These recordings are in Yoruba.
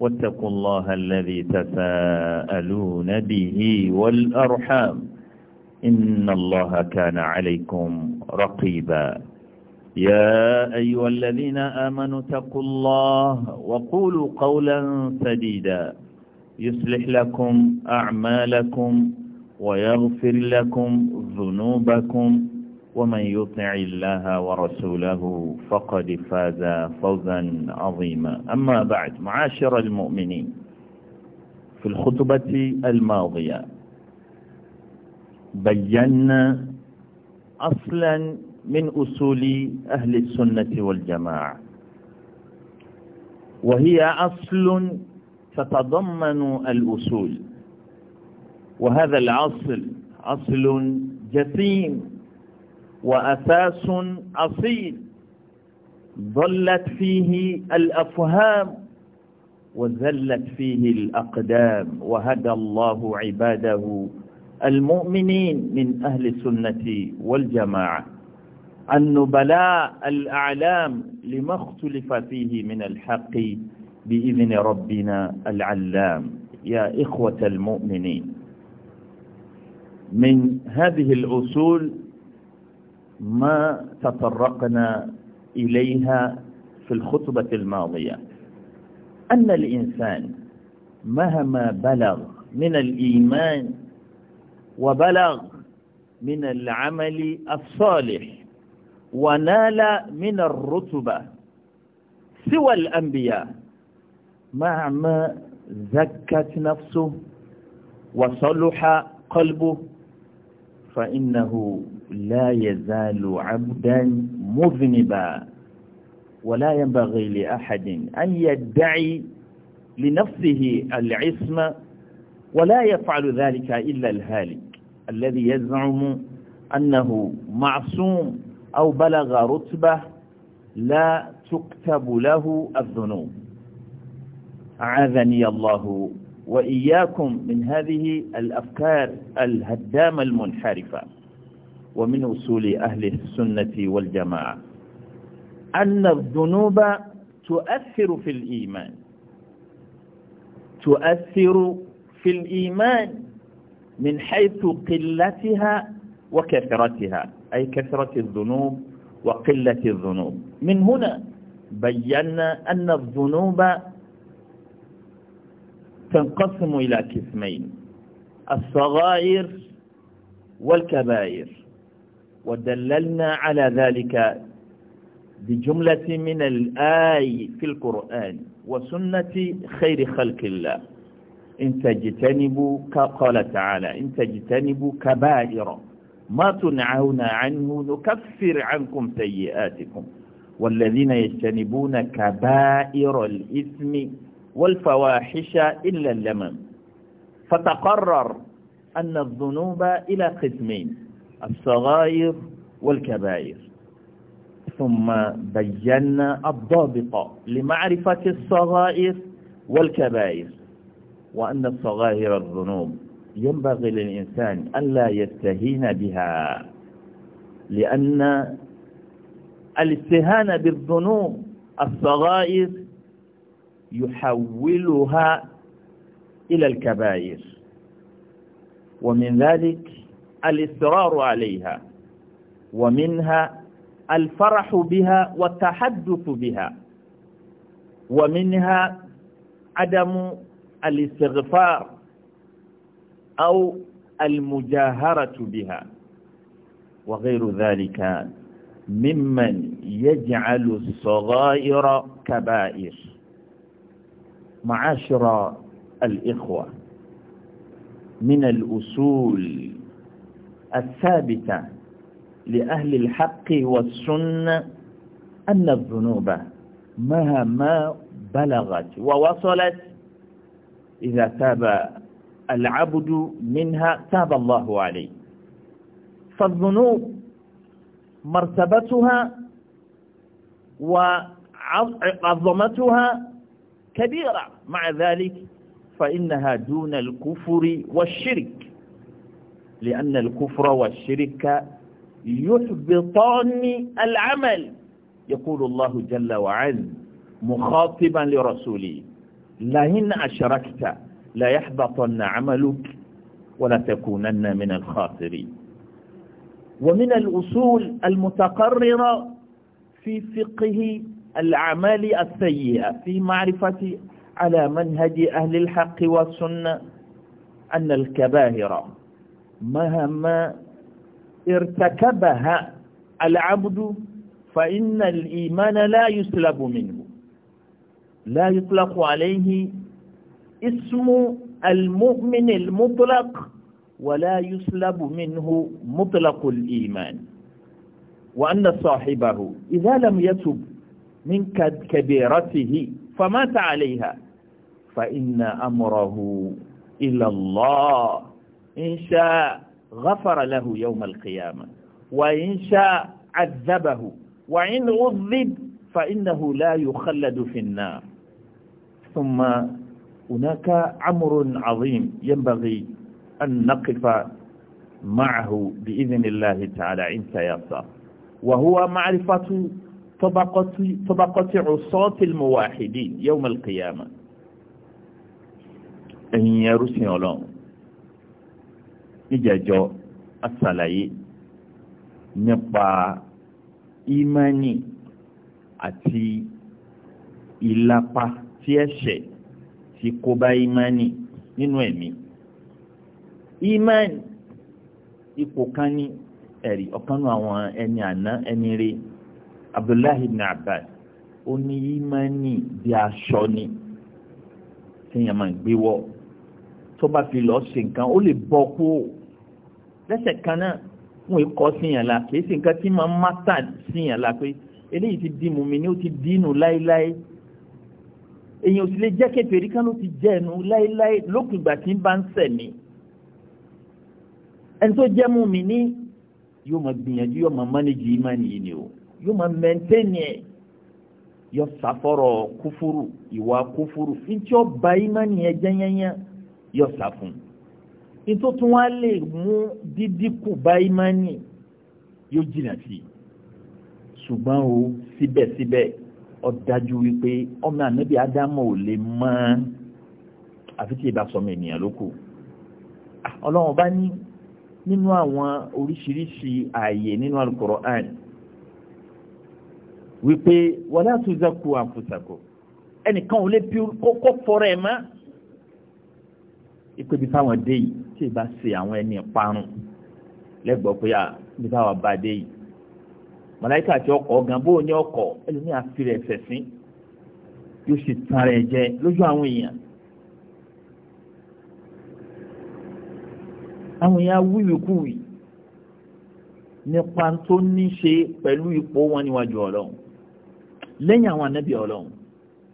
واتقوا الله الذي تساءلون به والأرحام إن الله كان عليكم رقيبا يا أيها الذين آمنوا اتقوا الله وقولوا قولا سديدا يصلح لكم أعمالكم ويغفر لكم ذنوبكم ومن يطع الله ورسوله فقد فاز فوزا عظيما أما بعد معاشر المؤمنين في الخطبة الماضية بينا أصلا من أصول أهل السنة والجماعة وهي أصل تتضمن الأصول وهذا العصل أصل جسيم وأساس أصيل ظلت فيه الأفهام وزلت فيه الأقدام وهدى الله عباده المؤمنين من أهل السنة والجماعة النبلاء الأعلام لما اختلف فيه من الحق بإذن ربنا العلام يا إخوة المؤمنين من هذه الأصول ما تطرقنا إليها في الخطبة الماضية أن الإنسان مهما بلغ من الإيمان وبلغ من العمل الصالح ونال من الرتبة سوى الأنبياء مع ما زكت نفسه وصلح قلبه فإنه لا يزال عبدا مذنبا ولا ينبغي لأحد أن يدعي لنفسه العصمة ولا يفعل ذلك إلا الهالك الذي يزعم أنه معصوم أو بلغ رتبة لا تكتب له الذنوب أعاذني الله وإياكم من هذه الأفكار الهدامة المنحرفة ومن أصول أهل السنة والجماعة أن الذنوب تؤثر في الإيمان تؤثر في الإيمان من حيث قلتها وكثرتها أي كثرة الذنوب وقلة الذنوب من هنا بينا أن الذنوب تنقسم إلى قسمين الصغائر والكبائر ودللنا على ذلك بجملة من الآي في القرآن وسنة خير خلق الله إن تجتنبوا قال تعالى إن تجتنبوا كبائر ما تنعون عنه نكفر عنكم سيئاتكم والذين يجتنبون كبائر الإثم والفواحش إلا اللمم فتقرر أن الذنوب إلى قسمين الصغائر والكبائر ثم بينا الضابط لمعرفة الصغائر والكبائر وأن الصغائر الذنوب ينبغي للإنسان ألا يستهين بها لأن الاستهانة بالذنوب الصغائر يحولها إلى الكبائر ومن ذلك الإصرار عليها ومنها الفرح بها والتحدث بها ومنها عدم الاستغفار أو المجاهرة بها وغير ذلك ممن يجعل الصغائر كبائر معاشر الإخوة من الأصول الثابتة لأهل الحق والسنة أن الذنوب مهما بلغت ووصلت إذا تاب العبد منها تاب الله عليه فالذنوب مرتبتها وعظمتها كبيرة مع ذلك فإنها دون الكفر والشرك لأن الكفر والشرك يحبطان العمل يقول الله جل وعز مخاطبا لرسوله لئن أشركت لا يحبطن عملك ولا تكونن من الخاسرين ومن الأصول المتقررة في فقه الأعمال السيئة في معرفة على منهج أهل الحق والسنة أن الكباهرة مهما ارتكبها العبد فإن الإيمان لا يسلب منه لا يطلق عليه اسم المؤمن المطلق ولا يسلب منه مطلق الإيمان وأن صاحبه إذا لم يتب من كبيرته فمات عليها فإن أمره إلى الله إن شاء غفر له يوم القيامة وإن شاء عذبه وإن عذب فإنه لا يخلد في النار ثم هناك أمر عظيم ينبغي أن نقف معه بإذن الله تعالى إن سيسر وهو معرفة طبقة, طبقة عصاة الموحدين يوم القيامة إن يرسل الله níjẹ̀jọ́ àṣàlàyé nípa ìmánì àti ìlapa tí ẹ̀ṣẹ̀ ti kó bá ìmánì nínú ẹ̀mí ìmánì ipò kan ní ẹ̀rí ọ̀kan nù àwọn ẹni àná ẹni rí Abdullahi ibn Abbas ó ní ìmánì bí aṣọ ni téèyàn máa ń gbé wọ̀ tó bá fi lọ́ọ́ ṣe nǹkan ó lè bọ́ kú lẹ́sẹ̀ kan náà wọn èkó síyàn la kì í sì nǹkan tí máa ń mátà síyàn la pé eléyìí ti di mùmí ni ó ti dínú láéláé èyàn ò sì lè jẹ́ kékeré kan ló ti jẹ́ ẹnu láéláé lókùn ìgbà tí ń bá ń sẹ̀mí ẹni tó jẹ́ mùmí ni yóò máa gbìyànjú yóò máa mánéjì ìmánì yìí ni o yóò máa mẹ́ńtẹ́nì ẹ̀ yóò sàfọ̀rọ̀ kúfúrú ìwà kúfúrú ntí ọba ìmánì yẹn jẹ́yẹ́yẹ́ yóò sàfún un nítorí tí wọ́n lè mú dídínkù bá ìmánì yóò jìnnà sí i ṣùgbọ́n o síbẹ̀síbẹ̀ ó dájú wípé ọmọ ànábì ádámù ò lè mọ àfi tí ìbá sọmọ ènìyàn ló kù ah, ọlọ́run bá ní nínú àwọn oríṣiríṣi ààyè nínú Al-Qur'an wípé wala tuzaku anfusakum ẹnìkan ò lè fi kókó fọrọ ẹ̀ mọ́ ìpèbí fáwọn dé yìí tí ì bá ṣe àwọn ẹni parun lẹ́gbọ̀ọ́ pé à bí báwa bá dé yìí màláìka àti ọkọ̀ gan bó o ní ọkọ̀ ẹlòmíì àfihàn ẹ̀sẹ̀ sí yóò ṣe tan rẹ̀ jẹ lójú àwọn èèyàn. àwọn èèyàn wíwìkúwì nípa tó ní ṣe pẹ̀lú ipò wọn níwájú ọlọ́run lẹ́yìn àwọn anábì ọlọ́run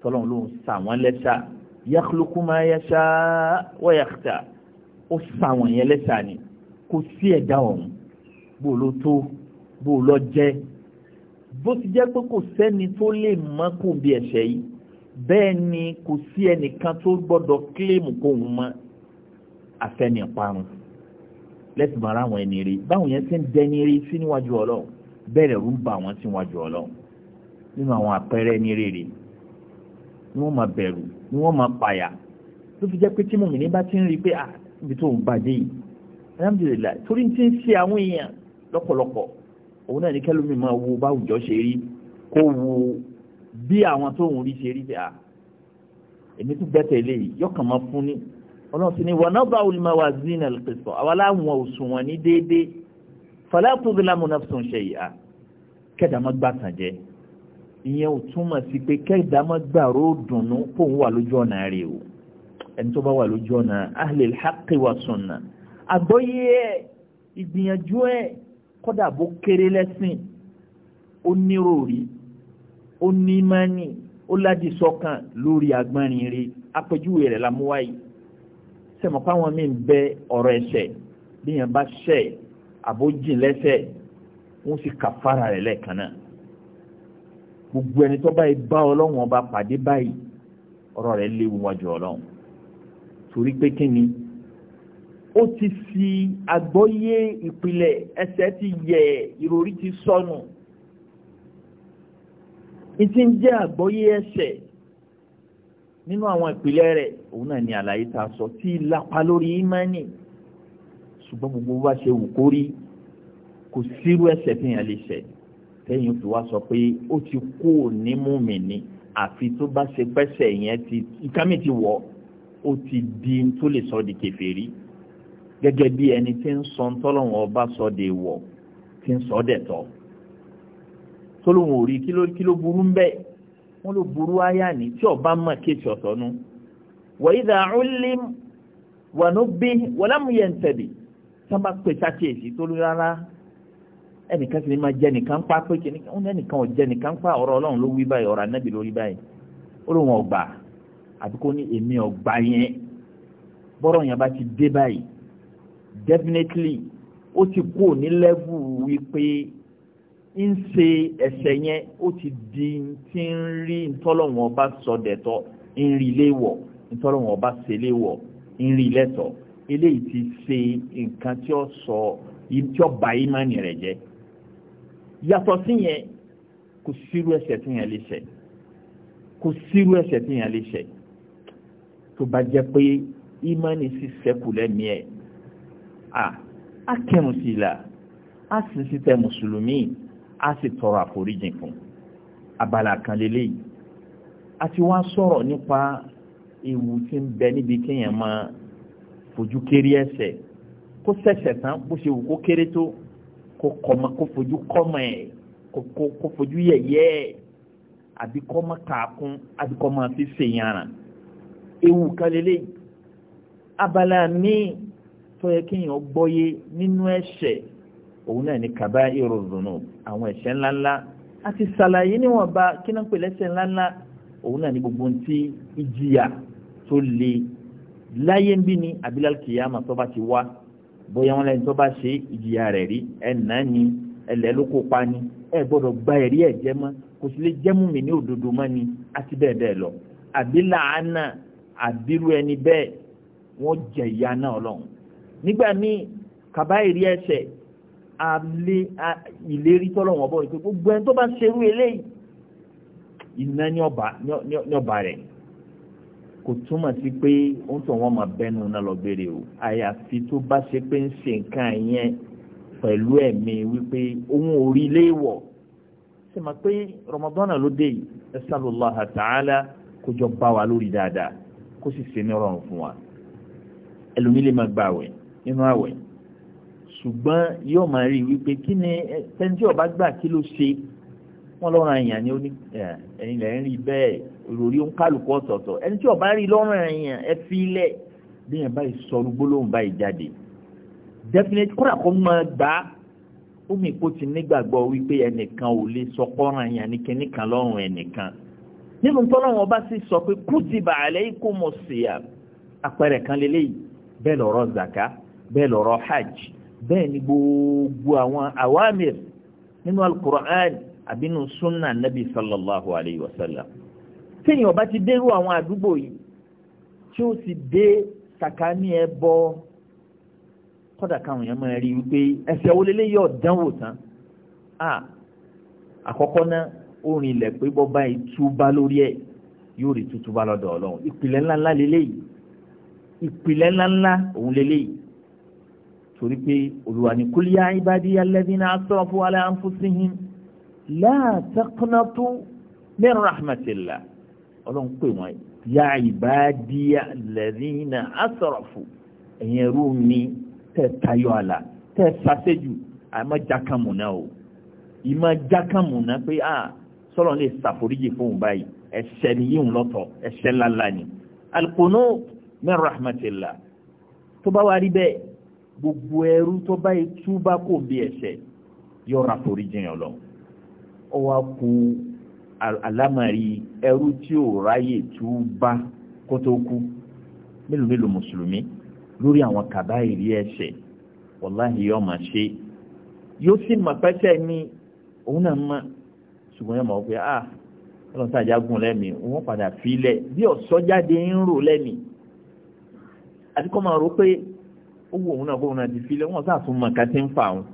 tọ́lọ́run ló ń sa àwọn lẹ́ṣà yakhluqu ma ó sàwọn yẹn lẹ́sà ni kò sí ẹ̀dá ọ̀hún bó ló tó bó lọ jẹ́ bó ti jẹ́ pé kò sẹ́ni tó lè mọ̀ kó bí ẹ̀ṣẹ̀ yìí bẹ́ẹ̀ ni kò sí ẹnìkan tó gbọ́dọ̀ kílèmù kó òun mọ̀ àfẹnìparun lẹ́sìn mọ́ ẹni rí báwọn yẹn ti ń dẹni rí sí níwájú ọlọ́run bẹ́ẹ̀ lẹ́rù ń bà wọ́n sí níwájú ọlọ́run nínú àwọn àpẹẹrẹ ẹni rere ni wọ́n máa bẹ̀rù ni wọ́n máa pàyà tó fi jẹ́ pé tí mòmìnir bá ti ń rí pé ah, ibi tó ń bàjẹ́ yìí alhamdulilayi torí ti ń ṣe àwọn èèyàn lọ́pọ̀lọpọ̀ òun náà ní kẹ́lómi máa wo báwùjọ ṣe rí kó wo bí àwọn tó ń rí ṣe rí bẹ́ẹ̀ èmi tún bẹ́tẹ̀ yìí yọkàn máa fún ni ọlọ́run sì ni wọn náà bá olùmọ̀ wá zina lẹ́kẹ̀sọ̀ àwa láwọn òṣùwọ̀n ní déédéé fàlẹ́ àtúndínlámù náà sùn ṣe yìí à kẹ́dà má gbà tàn jẹ́ ìyẹn ò túmọ̀ sí pé kẹ́dà má gbà ró dùnú kóun wà lójú ọ̀nà rẹ̀ o ẹni tó bá wà lójú ọ̀nà ahlil haqqi wa sunna àgbọ́yé ẹ̀ ìgbìyànjú ẹ̀ kọ́dà bó kéré lẹ́sìn ó níròrí ó ní mání ó ládi sọ́kàn lórí agbárin rí apẹjúwe rẹ̀ lámúwáyé sẹ́mọ̀ fáwọn míì ń bẹ ọ̀rọ̀ ẹ̀ṣẹ̀ bí yẹn bá ṣẹ̀ àbójì lẹ́sẹ̀ wọ́n sì kàfàrà rẹ̀ lẹ́ẹ̀kan náà gbogbo ẹni tó báyìí bá ọlọ́run ọba pàdé báyìí ọ̀rọ̀ rẹ̀ léwu wájú ọlọ́run torí pé kí ni ó ti fi àgbọ́yé ìpìlẹ̀ ẹsẹ̀ ti yẹ̀ ìròrí ti sọnù ìtí ń jẹ́ àgbọ́yé ẹsẹ̀ nínú àwọn ìpìlẹ̀ rẹ̀ òun náà ni àlàyé tá a sọ tí lápá lórí ìmánì ṣùgbọ́n gbogbo bá ṣe wù kó rí kò sírú ẹsẹ̀ tí yẹn lè ṣẹ̀ tẹ́yìn fi wá sọ pé ó ti kú òní mú mi ní àfi tó bá ṣe pẹ́sẹ̀ yẹn ti ìkámi ti wọ̀ ọ́ ó ti di tó lè sọ di kèfèrí gẹ́gẹ́ bí ẹni tí ń sọ tọ́lọ́wọ́n ọba sọ de wọ̀ tí ń sọ dẹ̀ tọ́ tọ́lọ́wọ́n ò rí kí ló burú ń bẹ́ẹ̀ wọ́n ló burú aya ni tí ọba mọ̀ kéèkì ọ̀tọ̀ nu wàyídà ọ̀lẹ́m wànúbí wàlámùyẹ̀ntẹ̀bì sábà pèsè àkíyèsí tó rárá ẹnìkan sì ni máa jẹ nìkan pa pé kìnnìkan ẹnìkan ò jẹ nìkan pa ọ̀rọ̀ ọlọ́run ló wí báyìí ọ̀rọ̀ anábì ló rí báyìí ó lóun ọ̀gbà àbí kó ní èmi ọgbà yẹn bọ́rọ̀ yẹn bá ti dé báyìí definitely ó ti kú ní lẹ́vù wípé ń ṣe ẹ̀ṣẹ̀ yẹn ó ti di ti ń rí ntọ́lọ́wọ́n bá sọdẹ̀tọ̀ ń rí léwọ̀ ntọ́lọ́wọ́n bá ṣe léwọ̀ ń rí lẹ́tọ̀ eléyìí ti ṣe nǹkan tí ó sọ tí ó bà ìmánì rẹ̀ jẹ́ yàtọ̀ sí yẹn kò sírú ẹ̀ṣẹ̀ tí yẹn lè ṣẹ̀ kò sírú ẹ̀ṣẹ̀ tí yẹn lè ṣẹ̀ tó bá jẹ́ pé ìmánì sì ṣẹ́kù lẹ́mìí ẹ̀ à á kẹrùn sí i là á sì sí tẹ mùsùlùmí á sì tọrọ àforíjìn fún abala kan lélẹ́yìí a ti wá sọ̀rọ̀ nípa ewu tí ń bẹ níbi kéèyàn máa fojú kéré ẹ̀ṣẹ̀ kó ṣẹ̀ṣẹ̀ tán bó ṣe wù kó kéré tó kó kọmọ kó fojú kọmọ ẹ̀ kó fojú yẹ̀yẹ́ ẹ̀ àbí kọ́mọ kàákún àbí kọ́mọ fi ṣèyàn ewu kan lélẹ́yìí abala míì tó yẹ kéèyàn gbọ́yé nínú ẹ̀ṣẹ̀ òun náà ní kaba ìròdùnú àwọn ẹ̀ṣẹ̀ ńláńlá àti sàlàyé níwọ̀nba kí náà pè lẹ́ṣẹ̀ ńláńlá òun náà ní gbogbo ti ìjìyà tó le láyé bí ni abilal kiyama tó bá ti wá bóyá wọn lẹ́yìn tó bá ṣe ìjìyà rẹ̀ rí ẹ̀ nà ni ẹlẹ́ ló kópa ni ẹ gbọ́dọ̀ gba ẹ̀rí ẹ̀ jẹ́ mọ́ kò sì lè jẹ́mú mi ní òdodo mọ́ ni àti bẹ́ẹ̀ bẹ́ẹ̀ lọ àbí làánà àbírú ẹni bẹ́ẹ̀ wọ́n jẹ ìyà náà lọ́hùn nígbà míì kàbáyìrí ẹ̀ṣẹ̀ alẹ́ ìlérí tọ́lọ̀ wọn bọ̀ ní pé gbogbo ẹni tó bá ṣerú eléyìí iná ní ọba rẹ̀ kò túmọ̀ sí pé ó ń tọ̀ wọ́n máa bẹ́nu náà lọ béèrè o àyàfi tó bá ṣe pé ń ṣe nǹkan yẹn pẹ̀lú ẹ̀mí wípé ohun orí ilé wọ̀ ṣe máa pé Ramadan ló dé yìí ẹ̀sán lọ́lá ta'ala kó jọ bá wa lórí dáadáa kó sì ṣe ní ọrọ̀rùn fún wa ẹlòmíì lè máa gba àwẹ̀ nínú àwẹ̀ ṣùgbọ́n yóò máa rí wípé kí ni tẹ́ńtì ọba gbà kí ló ṣe wọ́n lọ́rùn àyàn ni ó ní ẹ̀yìn lẹ́yìn rí bẹ́ẹ̀ lórí ó ń kálukú ọ̀tọ̀ọ̀tọ̀ ẹni tí ọba rí lọ́rùn àyàn ẹ fi ilẹ̀ bí yẹn báyìí sọrú gbólóhùn báyìí jáde definitely kódà kó máa gbà á ó mì kó ti nígbàgbọ́ wípé ẹnìkan ò lè sọ kọ́ràn àyàn ní kíníkan lọ́rùn ẹnìkan nínú tọ́lọ́wọ́n bá sì sọ pé kutiba alaykumus siyam àpẹẹrẹ kan lélẹ́yìí bẹ́ẹ̀ lọ́rọ̀ zaka bẹ́ẹ̀ lọ́rọ̀ hajj bẹ́ẹ̀ ni gbogbo àwọn awamir nínú alukur'an àbínú sunna nabi sallallahu alayhi wa sallam tíyìn ọba ti dérú àwọn àdúgbò yìí tí ó sì dé sàkání ẹ bọ́ kọ́dà káwọn èèyàn máa rí i wípé ẹsẹ̀ wo lélẹ́yìí ọ̀dánwò tán àkọ́kọ́ náà ó rìn ilẹ̀ pé bọ́ báyìí túbá lórí ẹ̀ yóò rí tútúbá lọ́dọ̀ ọlọ́run ìpìlẹ̀ ńláńlá lélẹ́yìí ìpìlẹ̀ ńláńlá òun lélẹ́yìí torí pé olùwà ní kul ya ibadiya alladhina asrafu ala anfusihim la taqnatu min rahmatillah ọlọ́run pè wọ́n ya ibadiya alladhina asrafu ẹ̀yìn ẹ̀rú mi tẹ̀ tayọ àlà tẹ̀ sàṣẹ́jù àmọ́ jákàmùnà o ìmọ̀ jákàmùnà pé ah sọ́lọ́ lè ṣàforíjì fóun báyìí ẹ̀ṣẹ̀ ni yíyún lọ́tọ̀ ẹ̀ṣẹ̀ ńláńlá ni alukóno min rahmatillah tó bá wá rí bẹ́ẹ̀ gbogbo ẹrú tó bá yẹ túbá kò bí ẹ̀ṣẹ̀ yọra foríjì yàn lọ ọ wá ku alamari, ẹrú tí ò ráyè túbá kó tó kú mélòó mélòó mùsùlùmí lórí àwọn kàbáyìí ẹ̀ṣẹ̀ wàláhì yóò máa ṣe yóò sì mọ̀ pẹ́sẹ̀ ní òun náà máa ṣùgbọ́n yóò mọ̀ pé a ah, ọlọ́run tí àjà gùn lẹ́mí wọ́n padà filẹ̀ bí ọ̀sọ́jáde ń rò lẹ́mí àti kọ́ máa rò pé ó wù òun náà kó òun náà ti filẹ̀ wọ́n sá fún màkà tí ń fà wọn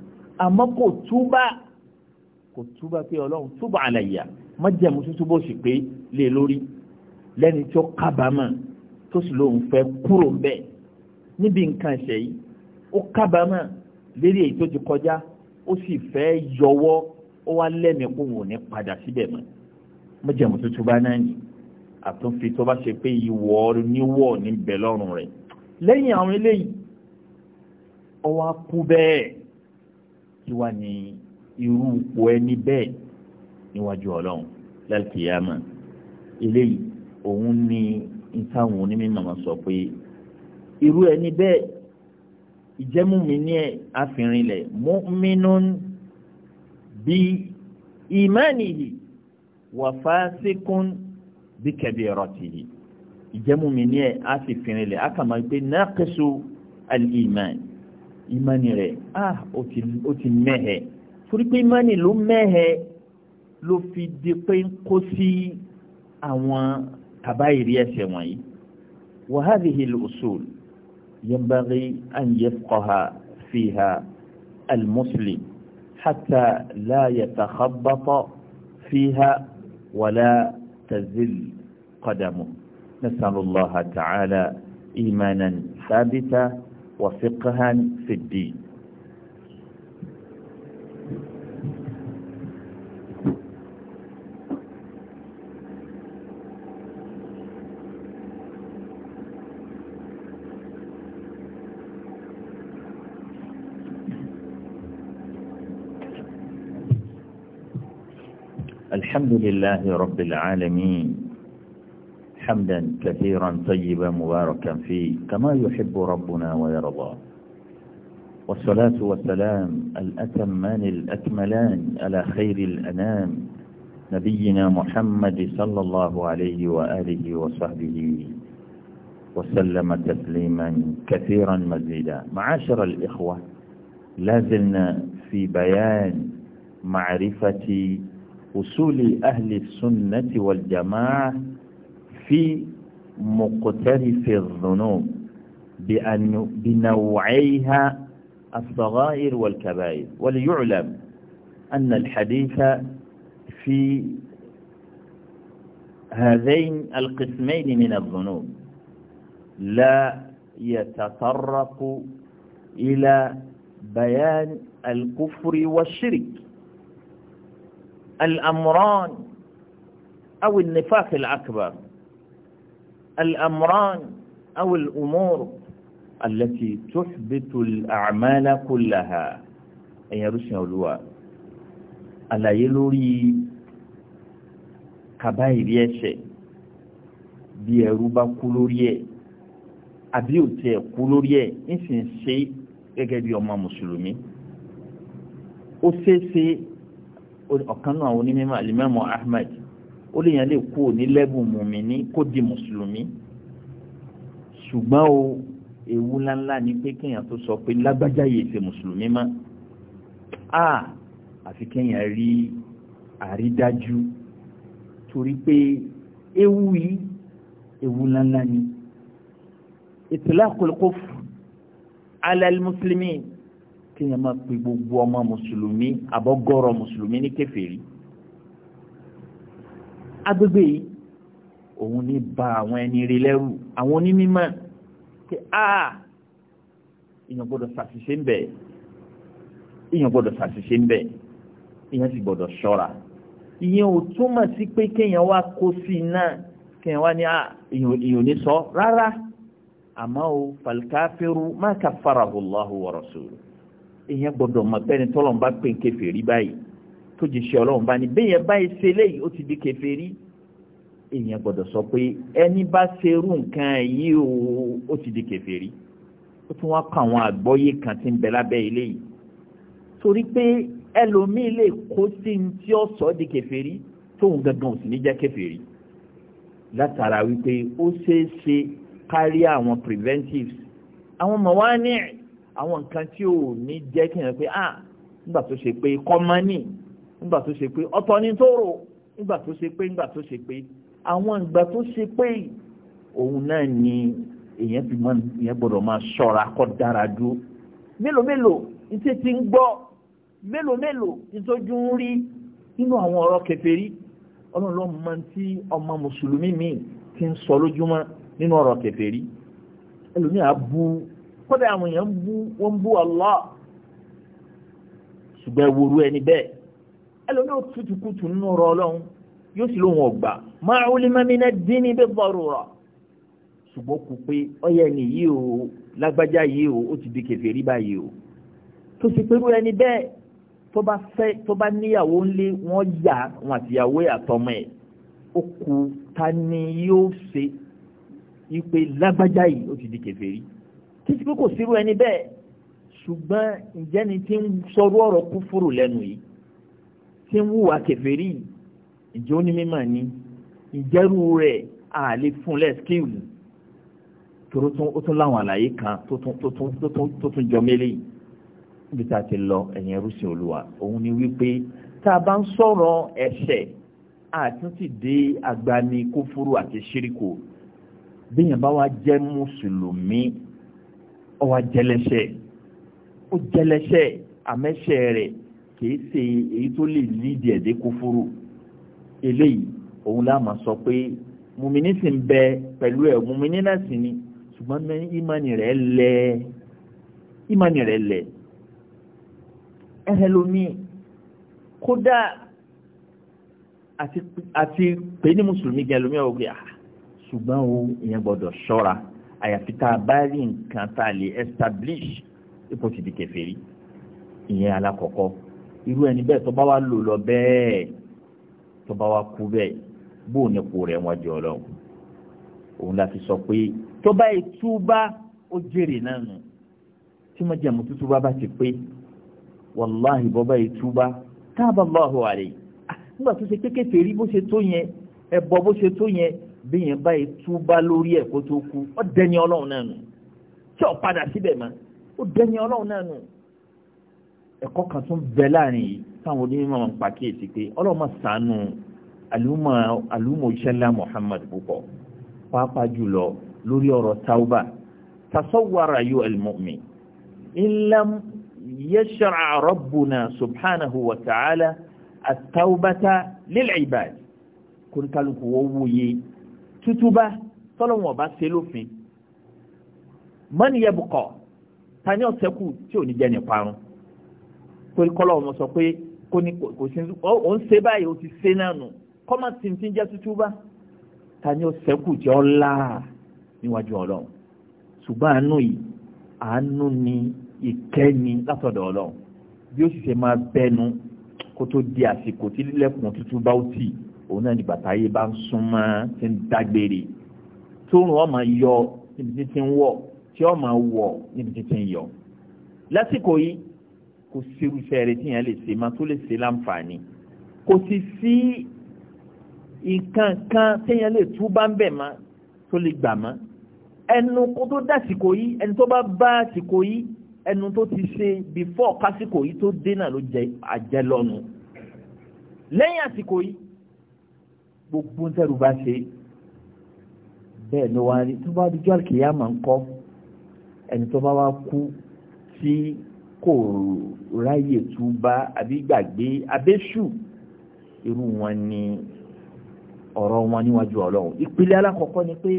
àmọ́ kò túbà kò túbà pé ọlọ́run túbà àlàyé májẹ̀mú tútù bó sì pé lé e lórí lẹ́ni tó kábàámọ̀ tó sì lóun fẹ́ kúrò ń níbi nǹkan ṣẹ̀ ó kábàámọ̀ lérí èyí tó ti kọjá ó sì fẹ́ yọwọ́ ó wá lẹ́mìí kó wò ní padà síbẹ̀ mọ́ mọ́jẹ̀mú tuntun bá náà yìí àtúnfi tó bá ṣe pé ìwọ níwọ̀ níbẹ̀ lọ́rùn rẹ̀ lẹ́yìn àwọn eléyìí ó wá kú bẹ́ẹ̀ kí wá ní irú ipò ẹni bẹ́ẹ̀ níwájú ọlọ́run lálùkìyàmà eléyìí òun ní ìtàwọn onímọ̀ máa sọ pé irú ẹni bẹ́ẹ̀ ìjẹ́mú mi ní àfihàn ilẹ̀ mu'minun bí ìmánìyì wà fásikún bí kẹbi ẹ̀rọ tìyí ìjẹ́mumi ní ẹ̀ á sì fìrìn lẹ̀ á kà máa gbé nákẹ́sù alìmánì ìmánì rẹ̀ á ah, ó ti mẹ́hẹ̀ torí pé ìmánì ló mẹ́hẹ̀ ló fi di pé ń àwọn kàbáyìrí ẹ̀ṣẹ̀ wọ̀nyí wa hadhihi al-usul yanbaghi an yafqaha fiha al-muslim. حتى لا يتخبط فيها ولا تزل قدمه نسأل الله تعالى إيمانا ثابتا وفقها في الدين الحمد لله رب العالمين حمدا كثيرا طيبا مباركا فيه كما يحب ربنا ويرضى والصلاة والسلام الأتمان الأكملان على خير الأنام نبينا محمد صلى الله عليه وآله وصحبه وسلم تسليما كثيرا مزيدا معاشر الإخوة لازلنا في بيان معرفة أصول أهل السنة والجماعة في مقترف الذنوب بأن بنوعيها الصغائر والكبائر وليعلم أن الحديث في هذين القسمين من الذنوب لا يتطرق إلى بيان الكفر والشرك الأمران أو النفاق الأكبر الأمران أو الأمور التي تحبط الأعمال كلها أي رسل الله ألا يلوري كبائر يشي بيروبا كلوري àbí òtí ẹ̀ kú lórí ẹ̀ ń أسيسي ọ̀kan náà àwọn onímọ̀ alimami ahmed ó lè yàn lè kú òní lẹ́bùn mùmíní kó di mùsùlùmí ṣùgbọ́n o ewu ńláńlá ni pé kéèyàn tó sọ pé lágbájá yìí ṣe mùsùlùmí mọ́ a àfi kéèyàn rí àrídájú torí pé ewu yìí ewu ńláńlá ni ìtìlá kòlókòfù alẹ́ mùsùlùmí kéèyàn máa pe gbogbo ọmọ mùsùlùmí àbọ̀gọ́rọ̀ mùsùlùmí ní kèfèrí agbègbè yìí òun ní ba àwọn ẹni rí lẹ́rù àwọn onímọ̀ pé a èèyàn gbọ́dọ̀ ṣàṣìṣe ń bẹ̀ èèyàn gbọ́dọ̀ ṣàṣìṣe ń bẹ̀ èèyàn sì gbọ́dọ̀ ṣọ́ra ìyẹn ò túmọ̀ sí pé kéèyàn wá kó sí i náà kéèyàn wá ní a èèyàn ò ní sọ rárá àmọ́ o falkafiru má kafarahu Allahu wa rasuluhu èèyàn gbọ́dọ̀ mọ̀ pé ẹni tọ́lọ́run bá pè kèfèrí báyìí tó jẹ́ ṣe ọlọ́run bá ní bẹ́yẹn báyìí ṣe léyìí ó ti di kèfèrí èèyàn gbọ́dọ̀ sọ pé ẹni bá ṣerú nǹkan yìí o ó ti di kèfèrí ó tún wá kọ àwọn àgbọ́yé kan tí ń bẹ lábẹ́ ilé yìí torí pé ẹlòmíì lè kó sí ní tí ó sọ di kèfèrí tóun gangan ò sì ní jẹ́ kèfèrí látara wípé ó ṣeé ṣe kárí àwọn preventives àwọn mọ̀wá ní ẹ̀ àwọn nǹkan tí ò ní jẹ́ kí èèyàn pé ah nígbà tó ṣe pé kọ́mánì nígbà tó ṣe pé ọ̀tọ̀ ni tó rò nígbà tó ṣe pé nígbà tó ṣe pé àwọn ìgbà tó ṣe pé òun náà ni èèyàn fi mọ èèyàn gbọ́dọ̀ máa ṣọ́ra kó dára dúró mélòó mélòó iṣẹ́ ti ń gbọ́ mélòó mélòó ìtọ́jú ń rí nínú àwọn ọ̀rọ̀ kèfèrí ọlọ́run mọ tí ọmọ mùsùlùmí mi ti ń sọ lójúmọ́ nínú ọ̀rọ̀ kèfèrí ẹlòmíà bú kódà àwọn èèyàn ń bú wọ́n bú Allah ṣùgbọ́n ẹ woru ẹni bẹ́ẹ̀ ẹlòmíì ò tutù kutù nínú ọ̀rọ̀ ọlọ́run yóò sì lóun ọ̀gbà máa wọlé mọ́mínà dín ní bẹ́ẹ̀ bọ̀rù rọ̀ ṣùgbọ́n kò pé ọyẹ ẹni yìí o lágbájá yìí o ó ti di kèfèrí báyìí o tó sì pé irú ẹni bẹ́ẹ̀ tó bá fẹ́ tó bá níyàwó ńlé wọ́n yà wọn àtìyàwó àtọmọ ẹ̀ ó kú ta ni yóò ṣe ipe lágbájá yìí ó ti di kèfèrí títí pé kò sírú ẹni bẹ́ẹ̀ ṣùgbọ́n ǹjẹ́ ni tí ń sọ̀rọ̀ ọ̀rọ̀ kúfúrú lẹ́nu yìí tí ń wùwà kèfèrí ǹjẹ́ ó ní mímọ̀ ni ìjẹ́rú rẹ̀ àlè fúnlẹ̀ skill tòró tún ó tún láwọn àlàyé kan tó tún jọ mélé yìí níbi tá a ti lọ ẹ̀yìn ẹrúsìn olúwa òun ni wípé tá a bá ń sọ̀rọ̀ ẹ̀ṣẹ̀ àtúntì dé agbani kófóró àti ṣíríkò bíyàn bá wá jẹ́ mùsùlùmí ó wá jẹlẹsẹ ó jẹlẹsẹ àmẹsẹ rẹ kìí ṣe èyí tó lè lídìí ẹdẹ kúfúrú eléyìí òun la máa sọ pé mùmíní sì ń bẹ pẹ̀lú ẹ̀ mùmíní náà sì ni ṣùgbọ́n ìmánì rẹ̀ lẹ ìmánì rẹ̀ lẹ ẹ̀hẹ́ kódà àti pé ní mùsùlùmí gan ọ̀gbìn ah, ṣùgbọ́n o ìyẹn gbọ́dọ̀ ṣọ́ra àyàfi tá a bá rí nǹkan tá a lè establish ipò ti di kèfèrí ìyẹn alákọ̀ọ́kọ́ irú ẹni bẹ́ẹ̀ tó bá wá lò lọ bẹ́ẹ̀ tó bá wá kú bẹ́ẹ̀ bó ní kú rẹ̀ wọ́n jọ lọ òun la fi sọ pé tó bá ìtúbá ó jèrè náà nù tí mo jẹ̀mú tútúbá bá ti pé wàláhì bọ́ bá ìtúbá táàbà lọ́hùn àlè ah, nígbà tó ṣe kékeré bó ṣe tó yẹn ẹ̀bọ bó ṣe tó yẹn bí yẹn báyìí túbá lórí ẹ̀ kó tó kú ó dẹni ọlọ́run náà nù tí ò padà síbẹ̀ mọ́ ó dẹni ọlọ́run náà nù ẹ̀kọ́ kan tún bẹ láàrin yìí táwọn onímọ̀ máa ń pàkíyèsí pé ọlọ́run máa sànù àlùmọ̀ àlùmọ̀ ìṣẹ́lá Muhammad púpọ̀ pàápàá jùlọ lórí ọ̀rọ̀ tauba tasawwara yu al-mu'min ilam yashra rabbuna subhanahu wa ta'ala at-taubata lil ibad wọ́n wúye Tutuba tọ́lọ́wọ̀n ọba ṣe lófin mọ́nìyẹ bùkọ̀ ta ni ọ̀sẹ́kù tí ò ní jẹ́ ní parun torí kọ́lọ́ ọmọ sọ pé kò ní kò sí ó ń ṣe báyìí ó ti ṣe náà nù kọ́má tìǹtì jẹ́ tútúbá ta ni ọ̀sẹ́kù jẹ́ ọ́lá níwájú ọlọ́run ṣùgbọ́n àánú yìí àánú ni ìkẹ́ni látọ̀dọ̀ ọlọ́run bí ó sì ṣe máa bẹnu kó tó di àsìkò tí lílẹ̀kùn tútúbá ó tì í òun náà ní bàtà yìí bá ń súnmọ́ tí ń dágbére tóun ọmọ yọ níbi tí ti ń wọ̀ tí ọmọ wọ̀ níbi tí ti ń yọ lásìkò yìí kò sírúfẹ́ rẹ̀ tí yẹn lè ṣe máa tó lè ṣe láǹfààní kò sì sí nǹkan kan téèyàn lè tú bá ń bẹ̀ mọ́ tó lè gbà mọ́ ẹnu kó tó dásìkò yìí ẹni tó bá bá àsìkò yìí ẹnu tó ti ṣe bífọ́ kásìkò yìí tó dé ló jẹ àjẹlọ́nu lẹ́yìn àsìkò yìí gbogbo ń tẹ́rù bá ṣe bẹ́ẹ̀ ló wá rí tó bá dijọ́ àkìyàmọ̀ ń kọ́ ẹni tó bá wá kú tí kò ráyè túbá àbí gbàgbé abéṣù irú wọn ni ọ̀rọ̀ wọn níwájú ọlọ́run ìpele alákọ̀ọ́kọ́ ni pé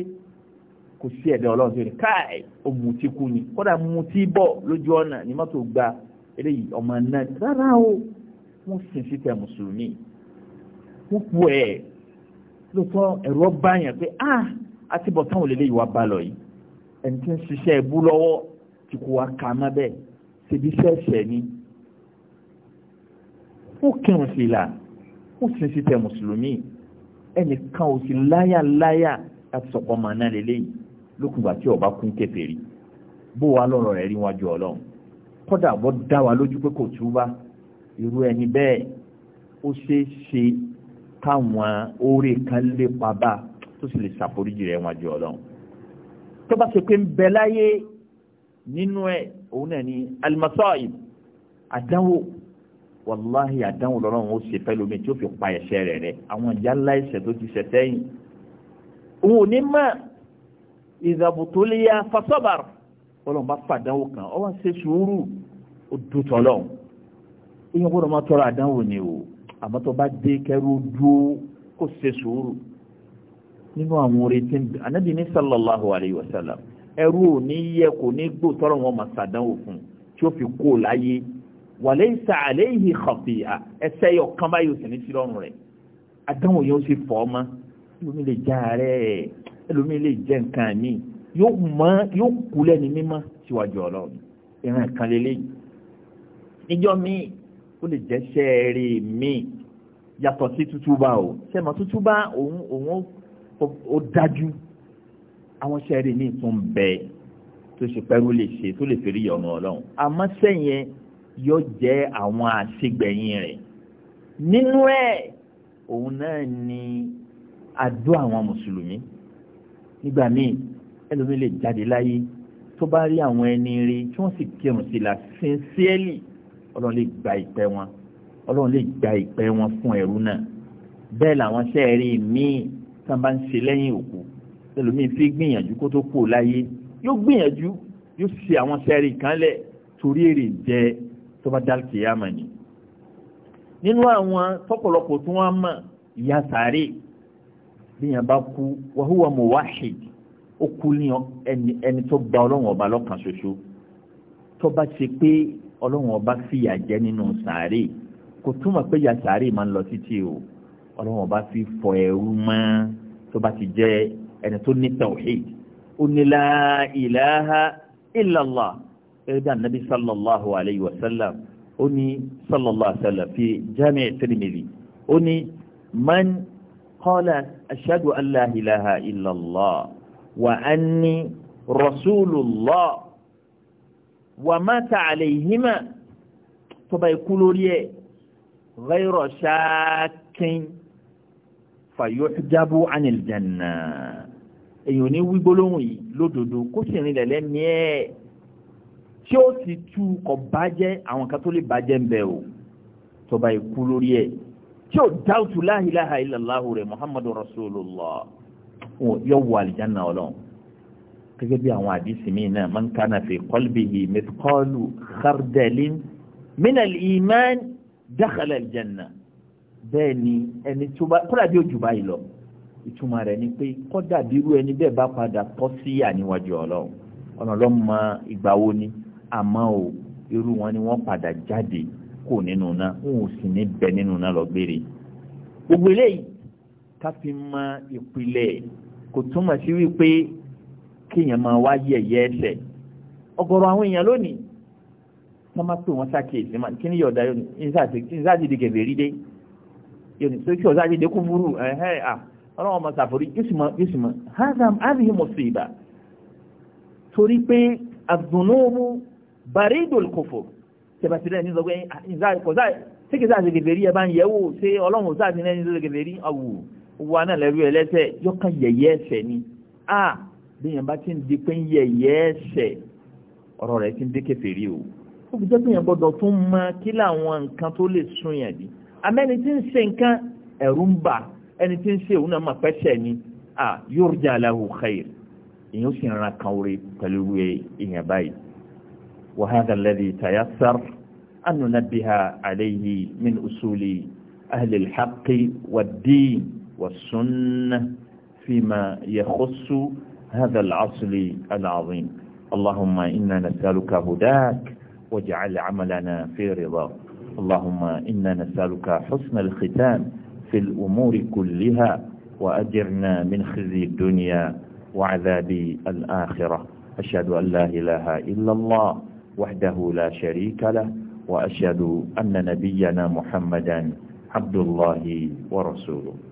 kò sí ẹ̀dẹ̀ ọlọ́run tó ní káì òmùtí kú ni kódà mutí bọ̀ lójú ọ̀nà ní mọ́tò gba eléyìí ọmọ náà rárá o wọ́n sìn sí tẹ̀ mùsùlùmí wọ́n kú ẹ̀ lóòótọ́ ẹ̀rọ bá yàn pé ah àti bọ̀ táwọn olèlè yìí wá bá lọ yìí ẹni tí ń ṣiṣẹ́ ẹ̀bú lọ́wọ́ tí kò wá kà á má bẹ́ẹ̀ ṣèbí ṣẹ̀ṣẹ̀ ni ó kírun sí i là ó sì ń ṣiṣẹ́ mùsùlùmí ẹnìkan ò sì láyà láyà láti sọ̀kọ́ màá náà lélẹ́yìí lókùngbà tí ọba kún kèfèrí bó wa lọ́rọ̀ rẹ̀ rí wájú ọlọ́run kódà bọ́ dá wa lójú pé kò túbá irú ẹni bẹ́ẹ̀ ó ṣeé ṣe káwọn oore kan lépa bá tó sì lè ṣàforíjì rẹ̀ wọn jù ọlọ́run tó bá ṣe pé ń bẹ láyé nínú ẹ̀ òun náà ni alimasọ́ọ̀yì àdánwò wàláhì àdánwò lọ́lọ́run ó ṣe fẹ́ lómi tí ó fi pa ẹ̀ṣẹ̀ rẹ̀ rẹ̀ àwọn ìyá ńlá ẹ̀ṣẹ̀ tó ti ṣẹ̀ sẹ́yìn òun ò ní mọ̀ ìzàbùtólíyà fasọ́bàrù ọlọ́run bá fàdánwò kan ọ wá ṣe sùúrù ó dùtọ̀ lọ́hùn ni o àmọ́ tó bá dé kẹrù dúó kó ṣe sùúrù nínú àwọn orin tí ń bẹ anábì ní sallallahu alayhi wa sallam ẹrú ò ní yẹ kò ní gbò tọrọ wọn mà sàdánwò fún tí ó fi kó o láyé walaysa alayhi khati'a ẹ̀ṣẹ̀ yọ kán báyìí òsì ní sílọ́run rẹ̀ àdánwò yẹn ó fọ́ ọmọ ẹlòmí lè já rẹ̀ ẹlòmí lè jẹ́ nǹkan mi yóò mọ yóò kú lẹ́ni mímọ́ síwájú ọlọ́run ìran kan níjọ́ míì ó lè jẹ́ sẹ́ẹ̀rì míì yàtọ̀ sí tútúbà o sẹ́mọ̀ tútúbà òun òun ó dájú àwọn sẹ́ẹ̀rì míì tún bẹ tó ṣe pẹ́rú lè ṣe tó lè fi rí ọ̀nà ọlọ́run àmọ́ sẹ́yìn yóò jẹ́ àwọn àṣegbẹ̀yìn rẹ̀ nínú ẹ̀ òun náà ni àdó àwọn mùsùlùmí nígbà míì ẹlòmíì lè jáde láyé tó bá rí àwọn ẹni rí tí wọ́n sì kírun sí la sincerely ọlọ́run lè gba ìpẹ́ wọn ọlọ́run lè gba ìpẹ́ wọn fún ẹrú náà bẹ́ẹ̀ làwọn sẹ́ẹ̀rí míì tán bá ń ṣe lẹ́yìn òkú ẹlòmíì fi gbìyànjú kó tó kú láyé yóò gbìyànjú yóò ṣe àwọn sẹ́ẹ̀rí kan lẹ̀ torí èrè jẹ tó bá dá kìyàmà ni nínú àwọn tọ̀pọ̀lọpọ̀ tí wọ́n mọ̀ ìyá sàárè bíyàn bá kú wàhùwà muwahhid ó kú ní ẹni tó gba ọlọ́run ọba lọ́kàn ṣoṣo tó bá ṣe pé ọlọ́run ọba fìyà jẹ nínú sàárè kò túmọ̀ pé ya sàárè máa ń lọ títí o ọlọ́run ọba fi fọ ẹ̀rú mọ́ tó bá ti jẹ́ ẹni tó ní tawhid ó ní la ilaha illallah ẹ̀rí bí anabi sallallahu alayhi wa sallam ó ní sallallahu alayhi wa sallam fi jami' Tirmidhi ó ní man qala ashhadu an la ilaha illallah wa rasulullah wà mata alayhima tó bá ikú lórí ẹ̀ ghayra shakin fayuhjabu anil janna èyàn ní wí gbólóhùn yìí lódodo kó sì rìn lẹ́lẹ́ ní ẹ̀ tí ó sì tu kọ̀ bàjẹ́ àwọn kan tó lè bàjẹ́ ń bẹ̀ o tó ikú lórí ẹ̀ tí ó dáwùtú la ilaha muhammadu rasulullah yọ wọ àlìjáná ọlọ́run gẹ́gẹ́ bí àwọn àdìsí mi náà man kana fi qalbihi mithqalu khardalin minal iman dakhala aljanna bẹ́ẹ̀ ni ẹni tó bá kódà bí ojú báyìí lọ ìtumọ̀ rẹ̀ ni pé kódà bí irú ẹni bẹ́ẹ̀ bá padà tọ́ sí àníwájú ọlọ́run ọ̀nà ọlọ́mọ ìgbà wo ni àmọ́ o irú wọn ni wọ́n padà jáde kò nínú náà wọn ò sì ní bẹ nínú náà lọ gbére gbogbo eléyìí ká fi mọ ìpìlẹ̀ kò túmọ̀ sí wípé kéèyàn máa wá yẹ̀yẹ́ ẹsẹ̀ ọ̀gọ̀rọ̀ àwọn èèyàn lónìí wọ́n máa pè wọ́n ṣàkíyèsí máa kí ni yọ̀ọ̀dà yóò ní ìsáàtìdì kẹfẹ́ rí dé yóò ní tó kí ọ̀sá àtìdì kú fúrú ẹ̀hẹ́ à ọlọ́wọ́n máa ṣàforí yóò sì mọ̀ áàbìyí mọ̀ sí ìbà torí pé àdùnnúwó bàrí ìdòl kòfò tẹ̀bàtìlẹ̀ ní sọ pé ṣé kí sáà ti ẹ bá ń yẹ̀wò ṣé ọlọ́run sáà ti ní ẹni náà lẹ́rú ẹlẹ́sẹ̀ yọkàn ah bí yẹn bá ti ń di pé ń yẹ̀yẹ́ ẹ̀ṣẹ̀ ọ̀rọ̀ rẹ̀ ti ń dé kèfèrí o ó fi jẹ́ pé yẹn gbọ́dọ̀ tún mọ kí làwọn nǹkan tó lè sún yẹn di amẹ́ni tí ń ṣe nǹkan ẹ̀rù ń bà ẹni tí ń ṣe òun náà mà pẹ́ṣẹ̀ ni à yurja lahu khair èyàn ó sì ń kan orí pẹ̀lú èèyàn báyìí wa hadha alladhi tayassar an nunabbiha alayhi min usuli ahli al-haqqi wad-din was-sunnah fima yakhussu هذا العصر العظيم اللهم إنا نسألك هداك واجعل عملنا في رضاك اللهم إنا نسألك حسن الختام في الأمور كلها وأجرنا من خزي الدنيا وعذاب الآخرة أشهد أن لا إله إلا الله وحده لا شريك له وأشهد أن نبينا محمدا عبد الله ورسوله